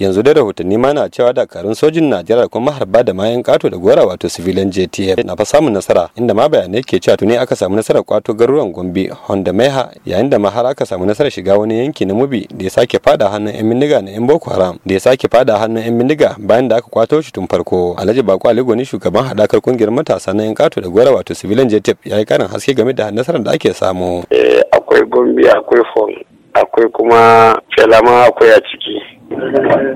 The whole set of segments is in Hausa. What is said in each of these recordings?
yanzu dai rahotanni mana na cewa dakarun sojin najeriya kuma harba da mayan kato da gora wato civilian jtf na fa samun nasara inda ma bayanai ke cewa tuni aka samu nasarar kwato garuruwan gombe honda maiha yayin da mahara aka samu nasarar shiga wani yanki na mubi da ya sake fada hannun yan bindiga na yan boko haram da ya sake fada hannun yan bindiga bayan da aka kwato shi tun farko alhaji bako aligo ne shugaban hadakar kungiyar matasa na yan kato da gora wato civilian jtf ya yi karin haske game da nasarar da ake samu eh, akwai gombe akwai fon akwai kuma felama akwai a ciki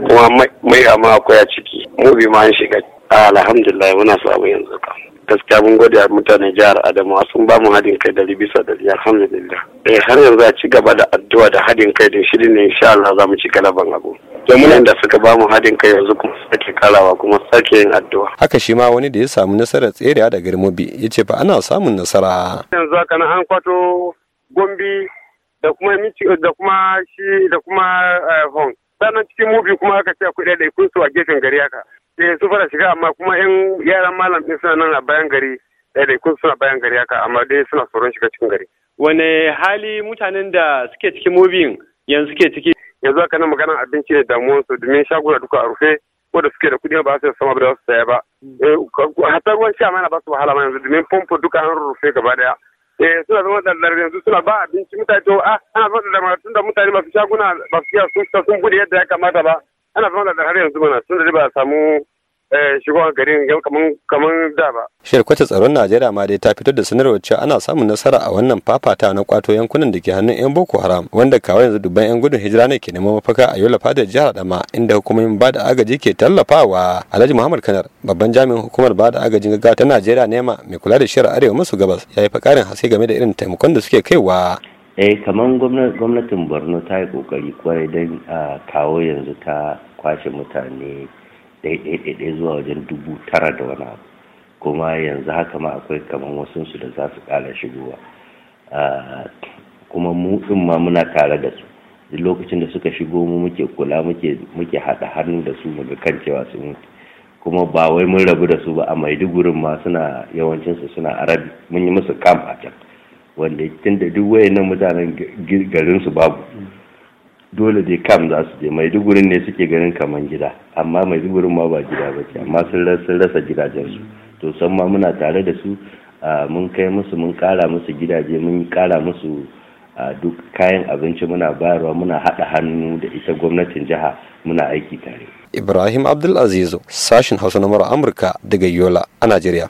kuma mai ma akwai a ciki mu ma an shiga alhamdulillah muna samu yanzu ka. gaskiya mun gode a mutanen jihar Adamawa sun ba mu haɗin kai dari bisa ɗari. alhamdulillah eh har yanzu a ci gaba da addu'a da haɗin kai da shirin ne insha Allah za mu ci galaban abu domin da suka ba mu haɗin kai yanzu kuma sake karawa kuma sake yin addu'a haka shi ma wani da ya samu nasarar tserewa da garmobi ya ce ba ana samun nasara yanzu haka na an kwato gombi da kuma da kuma shi da kuma eh, hong sannan cikin mubi kuma aka ce akwai ɗaya kun su a gefen gari haka sai eh, su fara shiga amma kuma yan yaran malam ɗin suna nan a bayan gari ɗaya kun suna bayan gari haka amma dai suna tsoron shiga cikin gari. wane hali mutanen da suke cikin mubin yanzu suke ciki. yanzu haka nan maganar abinci ne damuwarsu domin shaguna duka a rufe da suke da kuɗi ba su da sama ba za su saya ba. Mm. Eh, hatta ruwan sha mana ba su wahala ma yanzu domin pompo duka an rufe gaba daya. eh suna zama da yanzu suna ba abinci mutane to a ah, ana zama da dama tun da mutane masu shaguna masu iya sun sun bude yadda ya kamata ba ana zama da har yanzu mana tun da ba samu Eh, shugaban garin kamar da ba. Shirkwatar tsaron Najeriya ma dai ta fitar da sanarwar cewa ana samun nasara a wannan fafata na kwato yankunan da ke hannun 'yan Boko Haram wanda kawai yanzu dubban 'yan gudun hijira ne ke neman mafaka a Yola Fadar jihar Adama inda hukumomin ba da agaji ke tallafawa. Alhaji Muhammad Kanar babban jami'in hukumar ba da agajin gaggawa ta Najeriya ne nema mai kula da shiyar arewa masu gabas ya yi fakarin haske game da irin taimakon da suke kaiwa. Eh kamar gwamnatin Borno ta yi kokari kwarai don ah, kawo yanzu ta kwashe mutane ɗaiɗaiɗaiɗai zuwa wajen dubu tara da wani abu kuma yanzu haka ma akwai kamar wasunsu da za su ƙara shigowa ah, kuma mu ɗin ma muna tare da su duk lokacin da suka shigo mu muke kula muke haɗa hannu da su muga kan cewa su mutu kuma ba wai mun rabu da su ba a maidugurin ma suna yawancinsu suna arabi mun yi musu kam a can wanda tun da duk wayannan mutanen garinsu babu dole dai kam za su je maidugurin ne suke ganin kaman gida amma maiduguri ma ba gida ba ce amma sun rasa gidajensu to san ma muna tare da su mun kai musu mun kara musu gidaje mun kara musu duk kayan abinci muna bayarwa muna haɗa hannu da ita gwamnatin jiha muna aiki tare ibrahim abdulaziz sashin hausa na amurka daga yola a najeriya